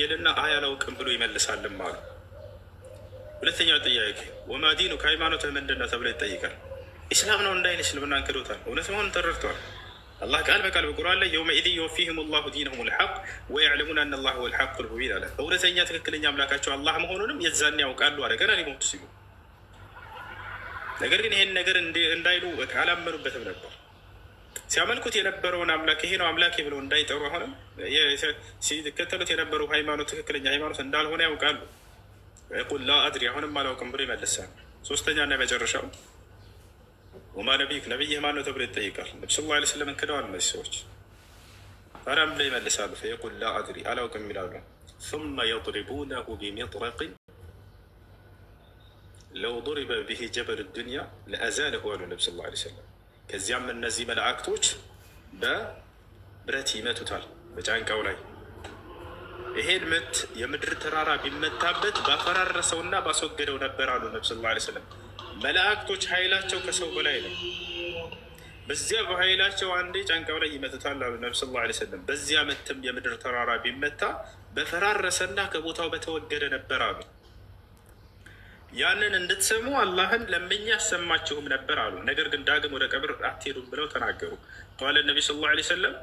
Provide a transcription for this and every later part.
ይልና አይ አላውቅም ብሎ ይመልሳልም አሉ። ሁለተኛው ጥያቄ ወማ ዲኑከ ሃይማኖትህ ምንድን ነው ተብሎ ይጠይቃል። ኢስላም ነው እንዳይል እስልምና እንክዶታል። እውነት መሆኑን ተረድቷል። አላህ ቃል በቃል በቁርአን ላይ የውመኢዝ ዩወፊህም ላሁ ዲነሁም ልሐቅ ወያዕለሙን አና ላሁ ልሐቅ ልሙቢን አለ። እውነተኛ ትክክለኛ አምላካቸው አላህ መሆኑንም የዛን ያውቃሉ አለ ገና ሊሞቱ ሲሉ። ነገር ግን ይሄን ነገር እንዳይሉ አላመኑበትም ነበር ሲያመልኩት የነበረውን አምላክ ይሄ ነው አምላኬ ብለው እንዳይጠሩ አሁንም ሲከተሉት የነበረው ሃይማኖት ትክክለኛ ሃይማኖት እንዳልሆነ ያውቃሉ። ቁል ላ አድሪ አሁንም አላውቅም ብሎ ይመልሳል። ሶስተኛ እና የመጨረሻው ወማ ነቢይክ ነቢይህ ማን ነው ተብሎ ይጠይቃል። ነቢ ስ ላ ስለም ክደዋል እነዚህ ሰዎች አራም ብለው ይመልሳሉ። ፈየቁል ላ አድሪ አላውቅም ይላሉ። ثم يضربونه بمطرق لو ضرب به جبل الدنيا لأزاله قالوا النبي صلى الله عليه وسلم ከዚያም እነዚህ መላእክቶች በብረት ይመቱታል በጫንቃው ላይ። ይሄን ምት የምድር ተራራ ቢመታበት ባፈራረሰውና ባስወገደው ነበር አሉ ነብ ስለ ላ ስለም። መላእክቶች ኃይላቸው ከሰው በላይ ነው። በዚያ በኃይላቸው አንዴ ጫንቃው ላይ ይመቱታል አሉ ነብ ስለ ላ ስለም። በዚያ ምትም የምድር ተራራ ቢመታ በፈራረሰና ከቦታው በተወገደ ነበር አሉ። ያንን እንድትሰሙ አላህን ለምኝ ያሰማችሁም ነበር አሉ። ነገር ግን ዳግም ወደ ቀብር አትሄዱም ብለው ተናገሩ። ቃለ ነቢ ስ ላ ሰለም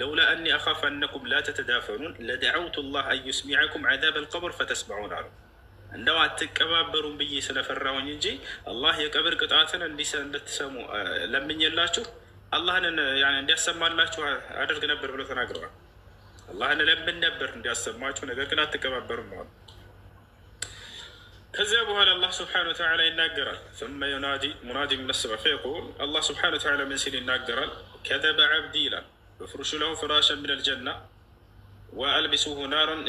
ለውላ አኒ አኻፍ አነኩም ላ ተተዳፈኑን ለደዐውቱ ላህ አንዩስሚዐኩም ዐዛብ አልቀብር ፈተስማዑን አሉ። እንደው አትቀባበሩም ብዬ ስለፈራውኝ እንጂ አላህ የቀብር ቅጣትን እንድትሰሙ ለምኝላችሁ አላህን እንዲያሰማላችሁ አድርግ ነበር ብለው ተናግረዋል። አላህን ለምን ነበር እንዲያሰማችሁ፣ ነገር ግን አትቀባበሩም አሉ። ከዚያ በኋላ አላህ ስብሓነሁ ወተዓላ ይናገራል። ثመ ዩናዲ ሙናዲ ሚነ ሰማዕ ፈየቁል አላህ ስብሓነሁ ወተዓላ ምን ሲል ይናገራል? ከተበ ዐብዲ ይላል ፍርሹ ለሁ ፍራሸን ሚነል ጀና ወአልቢሱሁ ናረን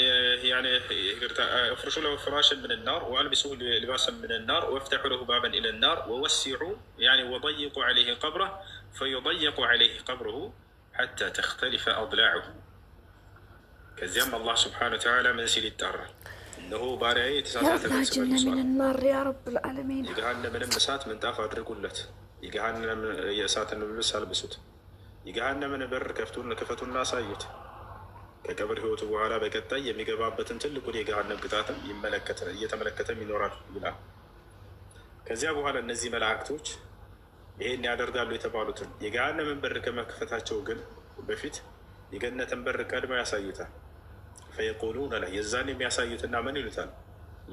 ፍርሹ ለሁ ፍራሸን ምን ናር ወአልቢሱሁ ሊባሰን ምን ናር ወፍተሑ ለሁ ባበን ኢለ ናር ወወሲዑ ወضይቁ ዐለይህ ቀብረህ ፈዩضየቁ ዐለይህ ቀብረሁ ሐታ ተኽተሊፈ አድላዑሁ ከዚያም አላህ ስብሓነሁ ወተዓላ ምን ሲል ይጣራል እነሆ ባሪያዬ የተሳሳተ መንገድ ተመልሷል፣ የገሃነምንም እሳት ምንጣፍ አድርጉለት፣ የገሃነም የእሳትን ልብስ አልብሱት፣ የገሃነምን በር ክፈቱና አሳዩት። ከቀብር ሕይወቱ በኋላ በቀጣይ የሚገባበትን ትልቁን የገሃነም ቅጣትም እየተመለከተም ይኖራል ይላል። ከዚያ በኋላ እነዚህ መላእክቶች ይሄን ያደርጋሉ የተባሉትን የገሃነምን በር ከመክፈታቸው ግን በፊት የገነትን በር ቀድመው ያሳዩታል። ፈየቁሉነ ለህ የዛን የሚያሳዩትና ምን ይሉታል?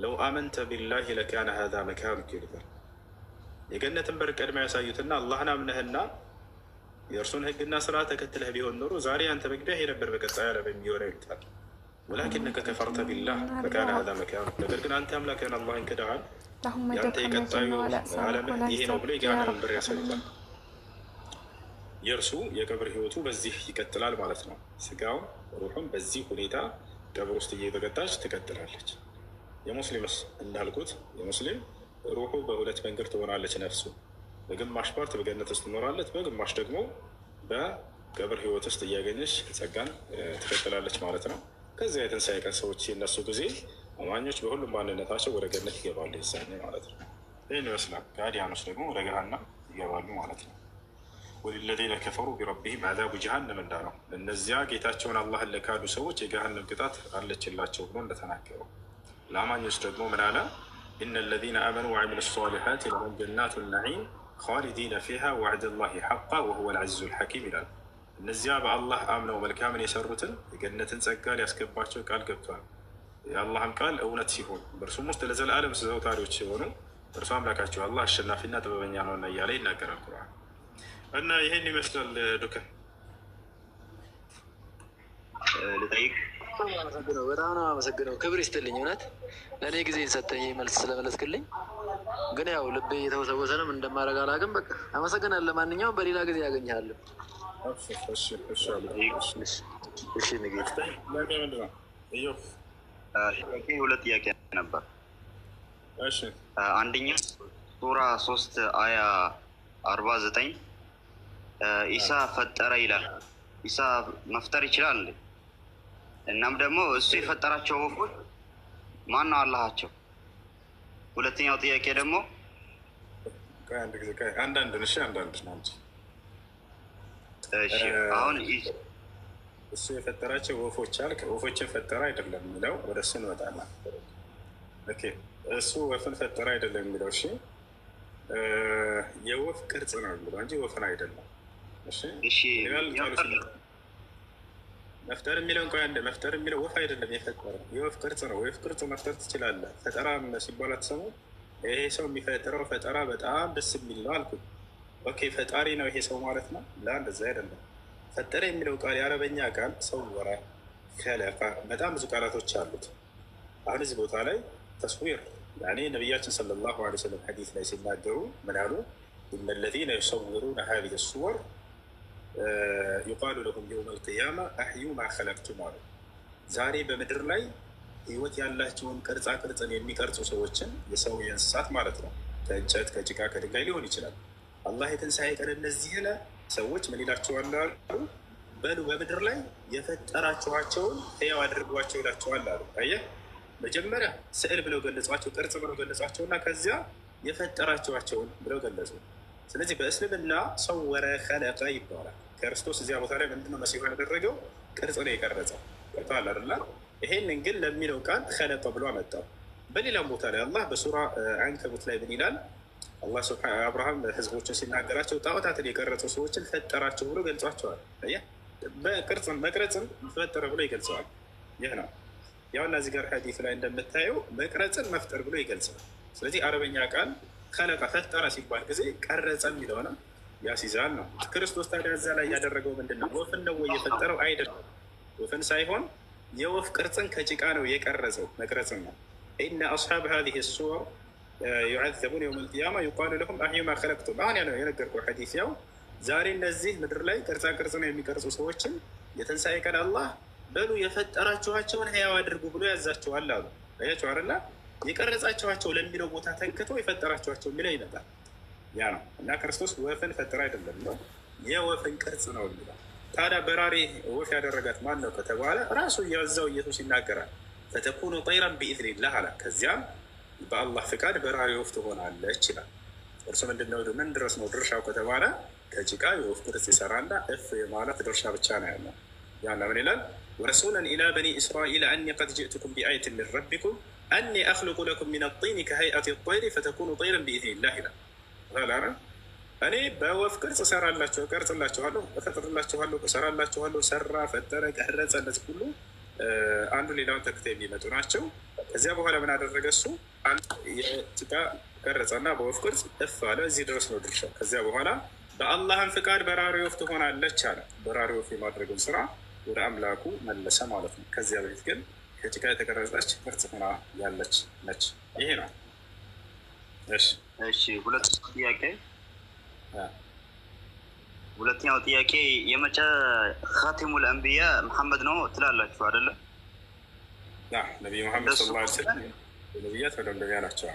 ለው አመንተ ቢላሂ ለካነ ሀዛ መካኑክ ይሉታል። የገነትን በር ቀድማ ያሳዩትና አላህን አምነህና የእርሱን ህግና ስራ ተከትለህ ቢሆን ኖሮ ዛሬ አንተ መግቢያህ የነበር በቀጣይ ዓለም የሚሆነው ይሉታል። ወላኪነከ ከፈርተ ቢላህ ለካነ ሀዛ መካኑክ። ነገር ግን አንተ አምላክህን አላህን ክደሃል። የአንተ የቀጣዩ ዓለምህ ይሄ ነው ብሎ የገሃነምን በር ያሳዩታል። የእርሱ የቀብር ህይወቱ በዚህ ይቀጥላል ማለት ነው። ስጋውን ሩሑም በዚህ ሁኔታ ቀብር ውስጥ እየተቀጣች ትቀጥላለች። የሙስሊምስ እንዳልኩት የሙስሊም ሩሑ በሁለት መንገድ ትሆናለች። ነፍሱ በግማሽ ፓርት በገነት ውስጥ ትኖራለች፣ በግማሽ ደግሞ በቀብር ህይወት ውስጥ እያገኘች ጸጋን ትቀጥላለች ማለት ነው። ከዚያ የትንሣኤ ቀን ሰዎች ሲነሱ ጊዜ አማኞች በሁሉም ማንነታቸው ወደ ገነት ይገባሉ፣ ይሳኔ ማለት ነው። ይህን ይመስላል። ከአዲያኖች ደግሞ ወደ ገሃና ይገባሉ ማለት ነው። ወሊለዚነ ከፈሩ ቢረቢሂም አዛቡ ጀሃነም እንዳለው እነዚያ ጌታቸውን አላህን ለካዱ ሰዎች የገሃነም ቅጣት አለችላቸው ብሎ እንደተናገሩ ለአማኞች ደግሞ ምን አለ? ኢነ ለዚነ አመኑ ወዐሚሉ ሷሊሓት ለሁም ጀናቱ ነዒም ኻሊዲነ ፊሃ ወዕደ ላሂ ሐቃ ወሁወ ልዐዚዙ ልሐኪም ይላል። እነዚያ በአላህ አምነው መልካምን የሰሩትን የገነትን ጸጋ ሊያስገባቸው ቃል ገብቷል። የአላህም ቃል እውነት ሲሆን በእርሱም ውስጥ ለዘለዓለም ዘውታሪዎች ሲሆኑ እርሱ አምላካቸው አላህ አሸናፊና ጥበበኛ ነውና እያለ ይናገራል ቁርአን እና ይሄን ይመስላል ዶክተር ልጠይቅ በጣም ነው አመሰግነው። ክብር ይስጥልኝ። እውነት ለእኔ ጊዜ ሰጠኝ መልስ ስለመለስክልኝ። ግን ያው ልቤ እየተወሰወሰ ነው እንደማደርግ አላውቅም። በቃ አመሰግናለሁ። ለማንኛውም በሌላ ጊዜ እሺ፣ ሁለት ጥያቄ ነበር። አንደኛ ሱራ ሶስት አያ አርባ ዘጠኝ ኢሳ ፈጠረ ይላል። ኢሳ መፍጠር ይችላል። እንዴ? እናም ደግሞ እሱ የፈጠራቸው ወፎች ማን ነው አላሃቸው? ሁለተኛው ጥያቄ ደግሞ አንዳንድ እሺ፣ አንዳንድ ናቸው። አሁን እሱ የፈጠራቸው ወፎች አልክ። ወፎችን ፈጠረ አይደለም የሚለው ወደ እሱ እንመጣለን። እሱ ወፍን ፈጠረ አይደለም የሚለው እሺ፣ የወፍ ቅርጽ ነው የሚለው እንጂ ወፍን አይደለም መፍጠር የሚለው እንኳ ያለ መፍጠር የሚለው ወፍ አይደለም የፈጠረው የወፍ ቅርጽ ነው። የወፍ ቅርጽ መፍጠር ትችላለህ። ፈጠራ ሲባል አትሰሙ። ይሄ ሰው የሚፈጥረው ፈጠራ በጣም ደስ የሚል ነው አልኩኝ። ኦኬ ፈጣሪ ነው ይሄ ሰው ማለት ነው። ለአንድ አይደለም ፈጠረ የሚለው ቃል የአረበኛ ቃል ሰው ወራ በጣም ብዙ ቃላቶች አሉት። አሁን እዚህ ቦታ ላይ ተስዊር ያኔ ነቢያችን ሰለላሁ ዐለይሂ ወሰለም ሐዲስ ላይ ሲናገሩ ምን አሉ? እነ ለዚነ ሱወር ዩቃሉ ለሁም የውመል ቅያማ አህዩ ማከለቅቱም አሉ። ዛሬ በምድር ላይ ህይወት ያላቸውን ቅርጻ ቅርጽን የሚቀርጹ ሰዎችን የሰው የእንስሳት ማለት ነው ከእንጨት ከጭቃ ከድንጋይ ሊሆን ይችላል። አላህ የትንሣኤ ቀን እነዚህን ሰዎች ምን ይላቸዋል አሉ? በሉ በምድር ላይ የፈጠራችኋቸውን ህያው አድርጓቸው ይላቸዋል አሉ። አየህ መጀመሪያ ስዕል ብለው ገለጿቸው፣ ቅርጽ ብለው ገለጿቸውና ከዚያ የፈጠራችኋቸውን ብለው ገለጹ። ስለዚህ በእስልምና ሰወረ ከለቀ ይባላል። ክርስቶስ እዚያ ቦታ ላይ ምንድነው መሲሁ ያደረገው? ቅርጽ ነው የቀረጸው። ገብተዋል አይደል? ይሄንን ግን ለሚለው ቃል ከለጠ ብሎ አመጣው። በሌላም ቦታ ላይ አላህ በሱራ አንከቡት ላይ ምን ይላል? አላህ አብርሃም ህዝቦችን ሲናገራቸው ጣዖታትን የቀረጹ ሰዎችን ፈጠራቸው ብሎ ገልጿቸዋል። በቅርጽም መቅረጽም ፈጠረ ብሎ ይገልጸዋል። ይህ ነው ያውና እዚህ ጋር ሀዲፍ ላይ እንደምታየው መቅረጽን መፍጠር ብሎ ይገልጻል። ስለዚህ አረበኛ ቃል ከለቀ ፈጠረ ሲባል ጊዜ ቀረጸ የሚለው ነው ያስይዛል ነው። ክርስቶስ ታዲያ እዛ ላይ ያደረገው ምንድን ነው? ወፍን ነው ወይ የፈጠረው? አይደለም። ወፍን ሳይሆን የወፍ ቅርጽን ከጭቃ ነው የቀረጸው፣ መቅረጽም ነው። እና አስሓብ ሀዚህ ሱወር ዩዓዘቡን የውም ልቅያማ ይቋሉ ለሁም አህዩማ ከለቅቱም። አሁን ያ ያለው የነገርኩህ ሐዲስ ያው ዛሬ እነዚህ ምድር ላይ ቅርጻ ቅርጽ ነው የሚቀርጹ ሰዎችን የትንሣኤ ቀን አላህ በሉ የፈጠራችኋቸውን ህያው አድርጉ ብሎ ያዛቸዋል አሉ። ያችኋርላ የቀረጻችኋቸው ለሚለው ቦታ ተንክቶ የፈጠራችኋቸው የሚለው ይመጣል። ያ ነው እና ክርስቶስ ወፍን ፈጠረ አይደለም ነው የወፍን ቅርጽ ነው የሚለው። ታዲያ በራሪ ወፍ ያደረጋት ማን ነው ከተባለ ራሱ የዛው ኢየሱስ ይናገራል። ፈተኩኑ ጠይራን ቢኢዝኒላህ አለ። ከዚያም በአላህ ፍቃድ በራሪ ወፍ ትሆናለች ይላል። እርሱ ምንድነው ምን ድረስ ነው ድርሻው ከተባለ ከጭቃ የወፍ ቅርጽ ይሰራና እፍ የማለት ድርሻ ብቻ ነው ያለው። ያለ ምን ይላል? ወረሱለን ኢላ በኒ እስራኤል አኒ ቀድ ጅእትኩም ቢአይትን ምን ረቢኩም አኒ አክልቁ ለኩም ምን ጢኒ ከሀይአት ጠይሪ ፈተኩኑ ጠይረን ቢኢዝኒላህ ይላል። ላረ እኔ በወፍ ቅርጽ እሰራላቸው እቀርጽላቸዋለሁ እፈጥርላቸዋለሁ እሰራላቸዋለሁ። ሰራ፣ ፈጠረ፣ ቀረጸለት ሁሉ አንዱ ሌላውን ተክተ የሚመጡ ናቸው። ከዚያ በኋላ ምን አደረገ እሱ? የጭቃ ቀረጸና በወፍ ቅርጽ እፍ አለ። እዚህ ድረስ ነው ድርሻ። ከዚያ በኋላ በአላህን ፍቃድ በራሪ ወፍ ትሆናለች አለ። በራሪ ወፍ የማድረግን ስራ ወደ አምላኩ መለሰ ማለት ነው። ከዚያ በፊት ግን ከጭቃ የተቀረጸች ቅርጽ ሆና ያለች ነች። ይሄ ነው። እሺ እሺ ሁለተኛው ጥያቄ ሁለተኛው ጥያቄ የመጨ ኻቲሙል አንቢያ መሐመድ ነው ትላላችሁ አይደለ? ነቢይ መሐመድ ሰለላሁ ዐለይሂ ወሰለም ነቢያት መደምደሚያ ናቸው።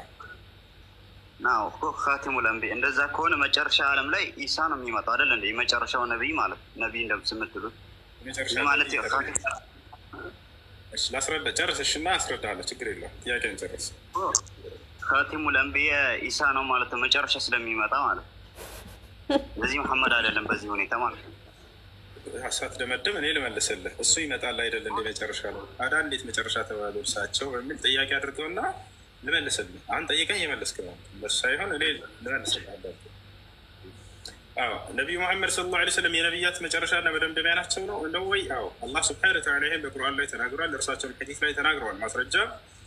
ናው ኻቲሙል አንቢያ እንደዛ ከሆነ መጨረሻ ዓለም ላይ ኢሳ ነው የሚመጣው አይደለ? እንደ የመጨረሻው ነቢይ ማለት ነቢይ እንደምትሉት ማለት ላስረዳ ጨርሰሽ እና አስረዳለሁ። ችግር የለውም። ጥያቄን ጨርስ ካቲሙል አንቢያ ኢሳ ነው ማለት ነው። መጨረሻ ስለሚመጣ ማለት ነው። እዚህ መሐመድ አይደለም በዚህ ሁኔታ ማለት ነው። ሳት ደመደም እኔ ልመልስልህ እሱ ይመጣል አይደለ እንደ መጨረሻ ነው። አዳ እንዴት መጨረሻ ተባሉ እርሳቸው በሚል ጥያቄ አድርገውና ልመልስልህ። አሁን ጠይቀኝ የመለስክ ነው እነሱ ሳይሆን እኔ ልመልስልህ። ነቢዩ መሐመድ ስለ ላ ስለም የነቢያት መጨረሻና መደምደሚያ ናቸው ነው እንደወይ? አዎ አላህ ስብሐነሁ ወተዓላ ይህን በቁርአን ላይ ተናግሯል። እርሳቸውን ሐዲስ ላይ ተናግረዋል። ማስረጃ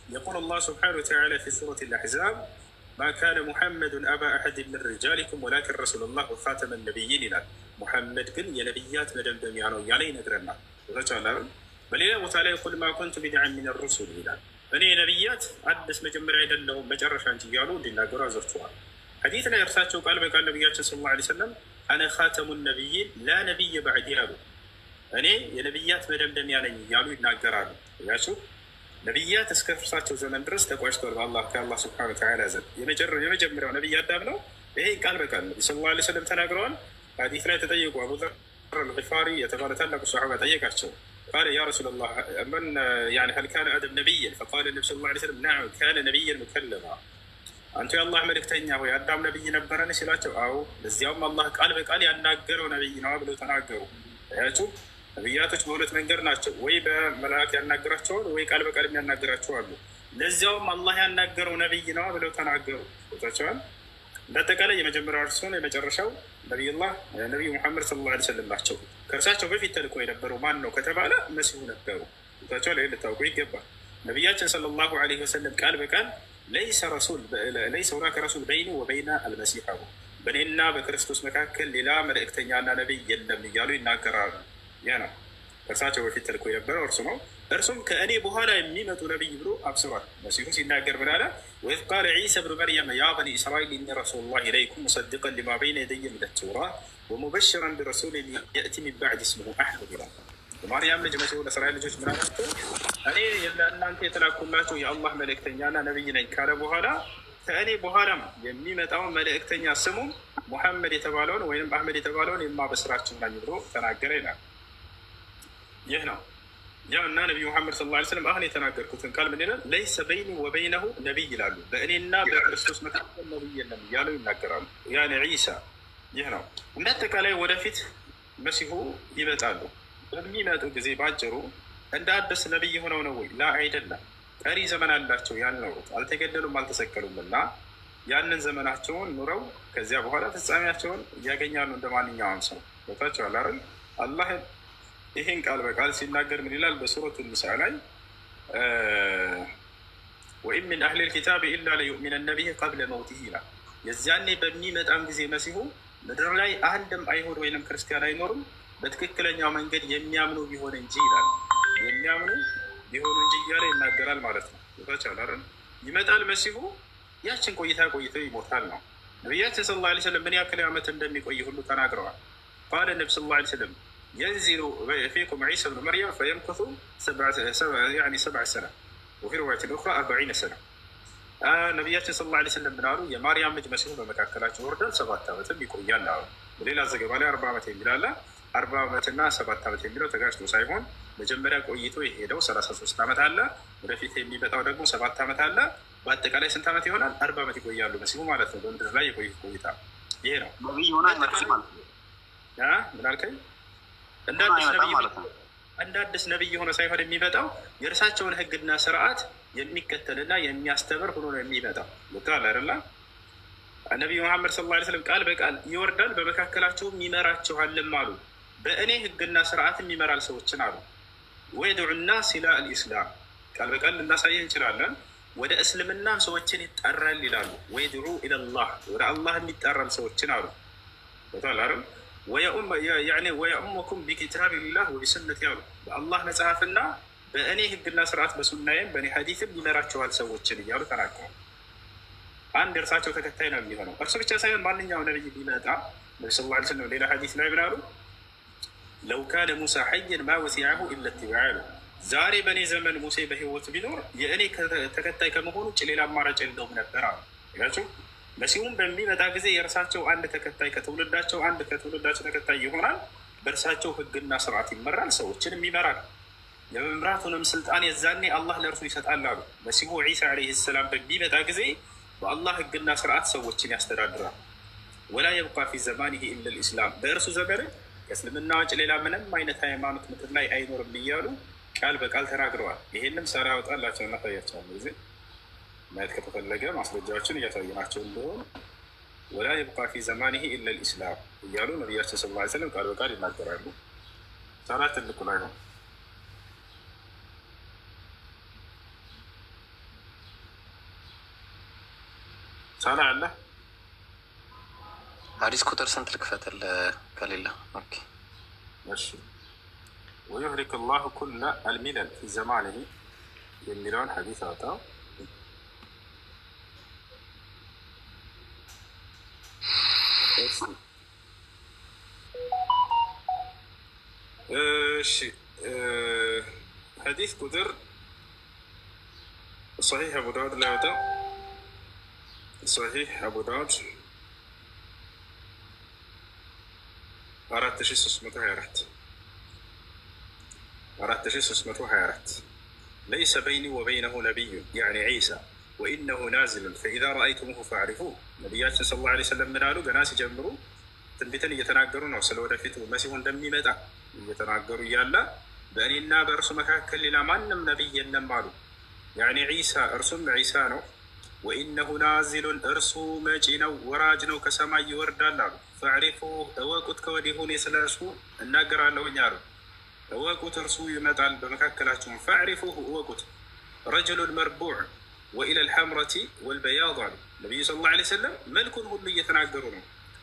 يقول الله سبحانه وتعالى في سورة الأحزاب ما كان محمد أبا أحد من رجالكم ولكن رسول الله خاتم النبيين لا محمد قل يا نبيات بن يانو يعني ندرنا رجالا بل إلى وتعالى يقول ما كنت بدعا من الرسل إلى أني نبيات أدس مجمرة إذا لو مجرش عن جيالو دينا قرازر توال حديثنا يرساته قال بقى النبيات صلى الله عليه وسلم أنا خاتم النبيين لا نبي بعد يابو أني يا نبيات بن يانو يعني يانو يناقرانو ياسو ነቢያት እስከ እርሳቸው ዘመን ድረስ ተቋጭተዋል። በአላህ ከአላህ ስብሐነ ወተዓላ ዘንድ የመጀመሪያው ነቢይ አዳም ነው። ይሄ ቃል በቃል ነቢ ሰለላሁ ዐለይሂ ወሰለም ተናግረዋል። ሐዲስ ላይ ተጠየቁ። አቡ ዘር አልጊፋሪ የተባለ ታላቁ ሰሓባ ጠየቃቸው። ቃለ ያ ረሱለላህ መን ሀል ካነ አደም ነቢየን? ፈቃለ ነቢ ሰለላሁ ዐለይሂ ወሰለም ናም ካነ ነቢየን ሙከለማ። አንቱ የአላህ መልእክተኛ ሆይ አዳም ነቢይ ነበረን? ሲላቸው አዎ፣ ለዚያውም አላህ ቃል በቃል ያናገረው ነቢይ ነዋ ብለው ተናገሩ። ያችሁ ነቢያቶች በሁለት መንገድ ናቸው። ወይ በመላእክት ያናገራቸዋል፣ ወይ ቃል በቃል አሉ። ለዚያውም አላህ ያናገረው ነቢይ ነዋ ብለው ተናገሩ። ቦታቸዋል በአጠቃላይ የመጀመሪያው እርሱን የመጨረሻው ነቢዩላህ ነቢዩ ሙሐመድ ሰለላሁ ዐለይሂ ወሰለም ናቸው። ከእርሳቸው በፊት ተልኮ የነበረው ማን ነው ከተባለ መሲሁ ነበሩ። ቦታቸዋል ይህ ልታውቁ ይገባል። ነቢያችን ሰለላሁ ዐለይሂ ወሰለም ቃል በቃል ለይሰ ሁናከ ረሱል በይኒ ወበይነ አልመሲሕ በእኔና በክርስቶስ መካከል ሌላ መልእክተኛና ነቢይ የለም እያሉ ይናገራሉ። ያ ነው። ከእርሳቸው በፊት ተልኮ የነበረው እርሱ ነው። እርሱም ከእኔ በኋላ የሚመጡ ነቢይ ብሎ አብስሯል። መሲሁ ሲናገር ምን አለ? ወኢዝ ቃለ ዒሳ ብኑ መርየም ያ በኒ እስራኤል ኢኒ ረሱሉ ላሂ ኢለይኩም ሙሰድቀን ሊማ በይነ የደየ ሚነ ተውራት ወሙበሽረን ቢረሱል የእቲ ሚን ባዕድ ስሙሁ አሕመድ ይላል። ማርያም ልጅ መሲሁ ለእስራኤል ልጆች ምን አላቸው? እኔ ለእናንተ የተላኩላቸው የአላህ መልእክተኛና ነቢይ ነኝ ካለ በኋላ ከእኔ በኋላም የሚመጣውን መልእክተኛ ስሙም ሙሐመድ የተባለውን ወይም አህመድ የተባለውን የማበስራችሁ ነኝ ብሎ ተናገረ ይላል። ይህ ነው ያው እና ነቢዩ ሙሐመድ ሰለላሁ ዓለይሂ ወሰለም አሁን የተናገርኩትን ቃል ምን ነው? ለይሰ በይኒ ወበይነሁ ነቢይ ይላሉ። በእኔና በክርስቶስ መካከል ነቢይ የለም እያሉ ይናገራሉ። ያኔ ዒሳ ይህ ነው። እንደ አጠቃላይ ወደፊት መሲሁ ይመጣሉ። በሚመጡ ጊዜ ባጭሩ እንደ አዲስ ነቢይ ሆነው ነው ወይ? ላ አይደለም። ቀሪ ዘመን አላቸው። ያልኖሩት አልተገደሉም፣ አልተሰቀሉም እና ያንን ዘመናቸውን ኑረው ከዚያ በኋላ ፍጻሜያቸውን እያገኛሉ እንደ ማንኛውም ሰው ቦታቸው አላረም አላህ ይሄን ቃል በቃል ሲናገር ምን ይላል? በሱረቱ ንሳ ላይ ወኢን ሚን አህሊል ኪታብ ኢላ ለዩእሚነነ ቢሂ ቀብለ መውቲሂ ይላል። የዚያኔ በሚመጣም ጊዜ መሲሁ ምድር ላይ አንድም አይሁድ ወይንም ክርስቲያን አይኖርም በትክክለኛው መንገድ የሚያምኑ ቢሆን እንጂ ይላል። የሚያምኑ ቢሆኑ እንጂ እያለ ይናገራል ማለት ነው። ታቻላረ ይመጣል መሲሁ ያችን ቆይታ ቆይተው ይሞታል ነው። ነቢያችን ስ ላ ስለም ምን ያክል ዓመት እንደሚቆይ ሁሉ ተናግረዋል። ባለ ነብ ስ ላ ስለም ينزل فيكم عيسى بن مريم فيمكث سبع سبع يعني سبع سنة وفي رواية أخرى أربعين ሰላ ነቢያችን ስለ ላ ስለም ምናሉ የማርያም ልጅ መሲሁ በመካከላቸው ወርዳል ሰባት ዓመትም ይቆያል አሉ። በሌላ ዘገባ ላይ አርባ ዓመት የሚላለ አርባ ዓመትና ሰባት ዓመት የሚለው ተጋጭቶ ሳይሆን መጀመሪያ ቆይቶ የሄደው ሰላሳ ሶስት ዓመት አለ። ወደፊት የሚመጣው ደግሞ ሰባት ዓመት አለ። በአጠቃላይ ስንት ዓመት ይሆናል? አርባ ዓመት ይቆያሉ መሲሁ ማለት ነው። በምድር ላይ የቆዩት ቆይታ ይሄ ነው። ምን አልከኝ? እንደ አዲስ ነቢይ የሆነ ሳይሆን የሚመጣው የእርሳቸውን ህግና ስርዓት የሚከተልና የሚያስተምር ሆኖ ነው የሚመጣው። ሞታል አይደላ ነቢዩ መሐመድ ሰለላሁ ላ ስለም ቃል በቃል ይወርዳል፣ በመካከላቸውም ይመራችኋልም አሉ። በእኔ ህግና ስርዓትም ይመራል ሰዎችን አሉ። ወየድዑ ናስ ኢላ አልኢስላም ቃል በቃል ልናሳየህ እንችላለን። ወደ እስልምና ሰዎችን ይጠራል ይላሉ። ወየድዑ ኢለላህ ወደ አላህ የሚጠራል ሰዎችን አሉ። ሞታል አይደል ወየኡመኩም ቢኪታቢላህ ወቢሱነት ያሉ በአላህ መጽሐፍና በእኔ ህግና ስርዓት በሱናዬም በእኔ ሀዲትም ይመራቸዋል ሰዎችን እያሉ ተናግረዋል። አንድ እርሳቸው ተከታይ ነው የሚሆነው። እርሱ ብቻ ሳይሆን ማንኛውም ነብይ ቢመጣ ነቢ ስ ላ ስለም ሌላ ሀዲት ላይ ብናሉ ለው ካነ ሙሳ ሐየን ማ ወሲዐሁ ኢለ ዛሬ በእኔ ዘመን ሙሴ በህይወት ቢኖር የእኔ ተከታይ ከመሆኑ ውጭ ሌላ አማራጭ የለውም ነበር አሉ። መሲሁም በሚመጣ ጊዜ የእርሳቸው አንድ ተከታይ ከትውልዳቸው አንድ ከትውልዳቸው ተከታይ ይሆናል። በእርሳቸው ህግና ስርዓት ይመራል፣ ሰዎችንም ይመራል። የመምራቱንም ስልጣን የዛኔ አላህ ለእርሱ ይሰጣል አሉ። መሲሁ ዒሳ ዓለይሂ ሰላም በሚመጣ ጊዜ በአላህ ህግና ስርዓት ሰዎችን ያስተዳድራል። ወላ የብቃ ፊ ዘማኒሂ ኢላ ልእስላም በእርሱ ዘመን ከእስልምና ውጭ ሌላ ምንም አይነት ሃይማኖት ምድር ላይ አይኖርም እያሉ ቃል በቃል ተናግረዋል። ይህንም ሰራ ያወጣላቸው እናሳያቸዋል ጊዜ ማየት ከተፈለገ ማስረጃዎችን እያሳየናቸው እንደሆን ወላ ይብቃ ፊ ዘማኒሂ ኢላ ልእስላም እያሉ ነቢያችን ስ ላ ስለም ቃል በቃል ይናገራሉ። ታዲያ ትልቁ ላይ ነው። ሳላ አለ ሀዲስ ቁጥር ስንት ልክፈትል? ከሌለ እሺ። ወዩህሊክ ላሁ ኩለ አልሚለል ፊ ዘማኒሂ የሚለውን ሀዲስ አውጣው። حديث بدر صحيح أبو داود لا صحيح أبو داود أردت شيء سمته هيرت أردت شيء سمته هيرت ليس بيني وبينه نبي يعني عيسى وإنه نازل فإذا رأيتموه فاعرفوه ነቢያችን ስለ ላ ስለም ምናሉ ገና ሲጀምሩ ትንቢትን እየተናገሩ ነው። ስለ ወደፊቱ መሲሁ እንደሚመጣ እየተናገሩ እያለ በእኔና በእርሱ መካከል ሌላ ማንም ነቢይ የለም አሉ። ያኔ ዒሳ እርሱም ዒሳ ነው። ወኢነሁ ናዚሉን እርሱ መጪ ነው፣ ወራጅ ነው፣ ከሰማይ ይወርዳል አሉ። ፈዕሪፉ እወቁት፣ ከወዲሁ እኔ ስለ እርሱ እናገራለሁኝ አሉ። እወቁት፣ እርሱ ይመጣል በመካከላችሁም። ፈዕሪፉ እወቁት ረጅሉን መርቡዕ ወኢለል ሐምረቲ ወልበያድ አሉ ነቢዩ ሰለላሁ ዐለይሂ ወሰለም መልኩን ሁሉ እየተናገሩ ነው።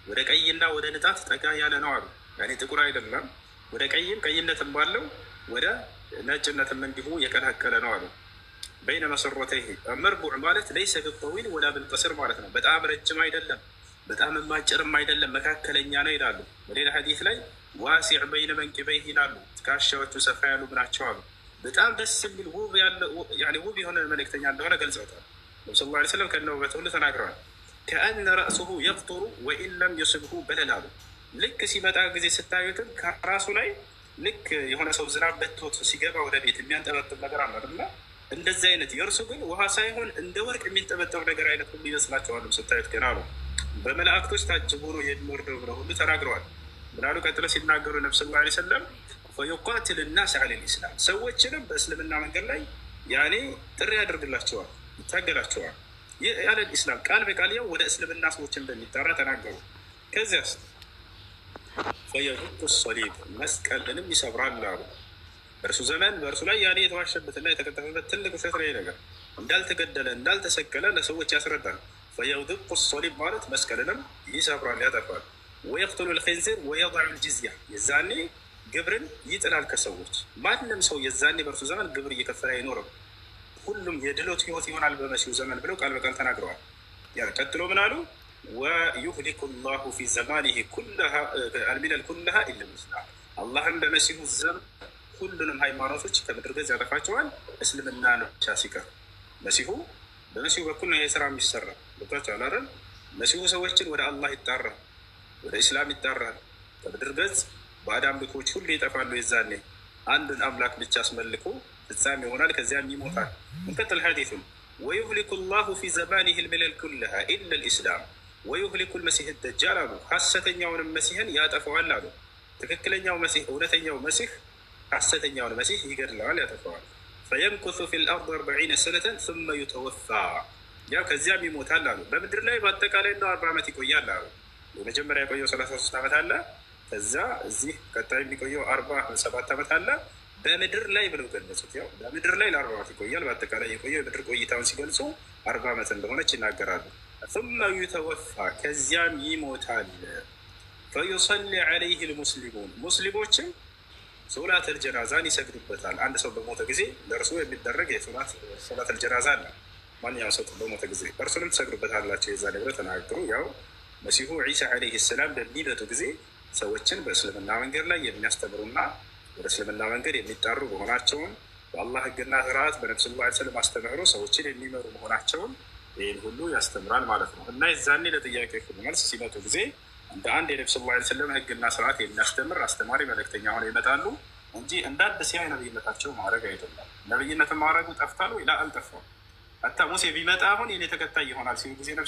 ወደ ቀይና ወደ ንጣት ጠጋ ያለ ነው አሉ። ያኔ ጥቁር አይደለም፣ ወደ ቀይም ቀይነትም ባለው ወደ ነጭነትም እንዲሁ የቀላቀለ ነው አሉ። በይነ መሰረተይህ መርቡዕ ማለት ለይሰ ቢጠዊል ወላ ብልቀስር ማለት ነው። በጣም ረጅም አይደለም፣ በጣም ማጭርም አይደለም፣ መካከለኛ ነው ይላሉ። በሌላ ሐዲስ ላይ ዋሲዕ በይነ መንቂበይህ ይላሉ። ትከሻዎቹ ሰፋ ያሉ ናቸው አሉ። በጣም ደስ የሚል ውብ የሆነ መልእክተኛ እንደሆነ ገልጸውታል። ነቢ ስ ላ ስለም ከነ ውበት ሁሉ ተናግረዋል። ከአነ ረእሱሁ የቅጡሩ ወኢን ለም የስብሁ በለል አሉ። ልክ ሲመጣ ጊዜ ስታዩትም ከራሱ ላይ ልክ የሆነ ሰው ዝናብ በቶት ሲገባ ወደ ቤት የሚያንጠበጥብ ነገር አለ አለና እንደዚህ አይነት የእርሱ ግን ውሃ ሳይሆን እንደ ወርቅ የሚንጠበጠብ ነገር አይነት ሁሉ ይመስላቸዋል። ስታዩት ገና ነው በመላእክቶች ታጅቦ ነው የሚወርደው ብለው ሁሉ ተናግረዋል። ምናሉ ቀጥለ ሲናገሩ ነቢ ስ ላ ሰለም ወዩቃትል ናስ አለ ልእስላም ሰዎችንም በእስልምና መንገድ ላይ ያኔ ጥሪ ያደርግላቸዋል፣ ይታገላቸዋል። ያለ ኢስላም ቃል በቃል ያው ወደ እስልምና ሰዎች እንደሚጠራ ተናገሩ። ከዚያ ፈየዱቁ ሰሊብ መስቀልንም ይሰብራል አሉ። በእርሱ ዘመን በእርሱ ላይ ያኔ የተዋሸበትና የተከተፈበት ትልቅ ውሸት ላይ ነገር እንዳልተገደለ እንዳልተሰቀለ ለሰዎች ያስረዳል። ፈየዱቁ ሰሊብ ማለት መስቀልንም ይሰብራል፣ ያጠፋል። ወየቅትሉ ልክንዚር ወየضع ልጅዝያ የዛኔ ግብርን ይጥላል ከሰዎች ማንም ሰው የዛኔ በእርሱ ዘመን ግብር እየከፈለ አይኖርም፣ ሁሉም የድሎት ህይወት ይሆናል በመሲሁ ዘመን ብለው ቃል በቃል ተናግረዋል። ያቀጥሎ ምን አሉ? ወዩህሊኩ ላሁ ፊ ዘማኒሂ አልሚለል ኩለሃ ኢለ ልእስላም አላህም በመሲሁ ዘመን ሁሉንም ሃይማኖቶች ከምድር ገጽ ያጠፋቸዋል፣ እስልምና ነው ብቻ ሲቀር። መሲሁ በመሲሁ በኩል ነው ይሄ ስራ የሚሰራ ገብቷቸው አላረን። መሲሁ ሰዎችን ወደ አላህ ይጣራል፣ ወደ ኢስላም ይጣራል፣ ከምድር ገጽ ባዕድ አምልኮች ሁሉ ይጠፋሉ። የዛኔ አንዱን አምላክ ብቻ አስመልኮ ፍጻሜ ይሆናል። ከዚያም ይሞታል። እንቀጥል ሐዲሱን ወዩህሊኩ ላሁ ፊ ዘማኒህ ልምለል ኩለሃ ኢላ ልእስላም ወዩህሊኩ ልመሲህ ደጃል አሉ። ሐሰተኛውንም መሲህን ያጠፈዋል አሉ። ትክክለኛው መሲህ፣ እውነተኛው መሲህ ሐሰተኛውን መሲህ ይገድለዋል፣ ያጠፈዋል። ፈየምኩሱ ፊ ልአርድ አርበዒነ ሰነተን ثመ ዩተወፋ ያ ከዚያም ይሞታል አሉ። በምድር ላይ በአጠቃላይ ነው አርባ ዓመት ይቆያል አሉ። የመጀመሪያ የቆየው ሰላሳ ሶስት ዓመት አለ እዛ እዚህ ቀጣይ የሚቆየው አርባ ሰባት ዓመት አለ በምድር ላይ ብለው ገለጹት። ያው በምድር ላይ ለአርባ ዓመት ይቆያል። በአጠቃላይ የቆየው የምድር ቆይታውን ሲገልጹ አርባ ዓመት እንደሆነች ይናገራሉ። ثم يتوفى ከዚያም ይሞታል። فيصلي عليه المسلمون ሙስሊሞችም ሶላት አልጀናዛን ይሰግዱበታል። አንድ ሰው በሞተ ጊዜ ለእርሱ የሚደረግ የሶላተል አልጀናዛ አለ። ማንኛውም ሰው በሞተ ጊዜ እርሱንም ትሰግዱበታላቸው የዛ ንብረ ተናግሩ። ያው መሲሁ ዒሳ ዓለይህ ሰላም በሚመጡ ጊዜ ሰዎችን በእስልምና መንገድ ላይ የሚያስተምሩና ወደ እስልምና መንገድ የሚጠሩ መሆናቸውን በአላህ ህግና ስርዓት በነብስ ላ ስለም አስተምህሮ ሰዎችን የሚመሩ መሆናቸውን ይህን ሁሉ ያስተምራል ማለት ነው እና የዛኔ ለጥያቄ ሁሉ መልስ ሲመጡ ጊዜ እንደ አንድ የነብስ ላ ስለም ህግና ስርዓት የሚያስተምር አስተማሪ መልእክተኛ ሆነ ይመጣሉ እንጂ እንደ አዲስ ያ ነብይነታቸው ማድረግ አይደለም። ነብይነትን ማድረጉ ጠፍታሉ ይላ አልጠፋም። አታ ሙሴ ቢመጣ አሁን የኔ ተከታይ ይሆናል ሲሉ ጊዜ